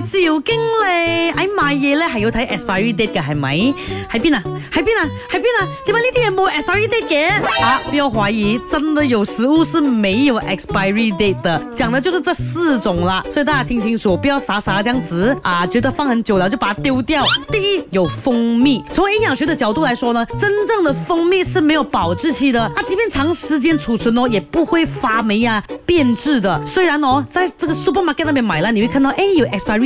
趙經理喺賣嘢咧，係要睇 expiry date 嘅，係咪？喺邊啊？喺邊啊？喺邊啊？點解呢啲嘢冇 expiry date 嘅？啊，不要懷疑，真的有食物是沒有 expiry date 的，講的就是這四種啦，所以大家聽清楚，不要傻傻這樣子啊，覺得放很久了就把它丟掉。第一，有蜂蜜。從營養學的角度來說呢，真正的蜂蜜是沒有保質期的，它、啊、即便長時間儲存哦，也不會發霉啊、變質的。雖然哦，在這個 supermarket 那邊買了，你會看到，誒，有 expiry。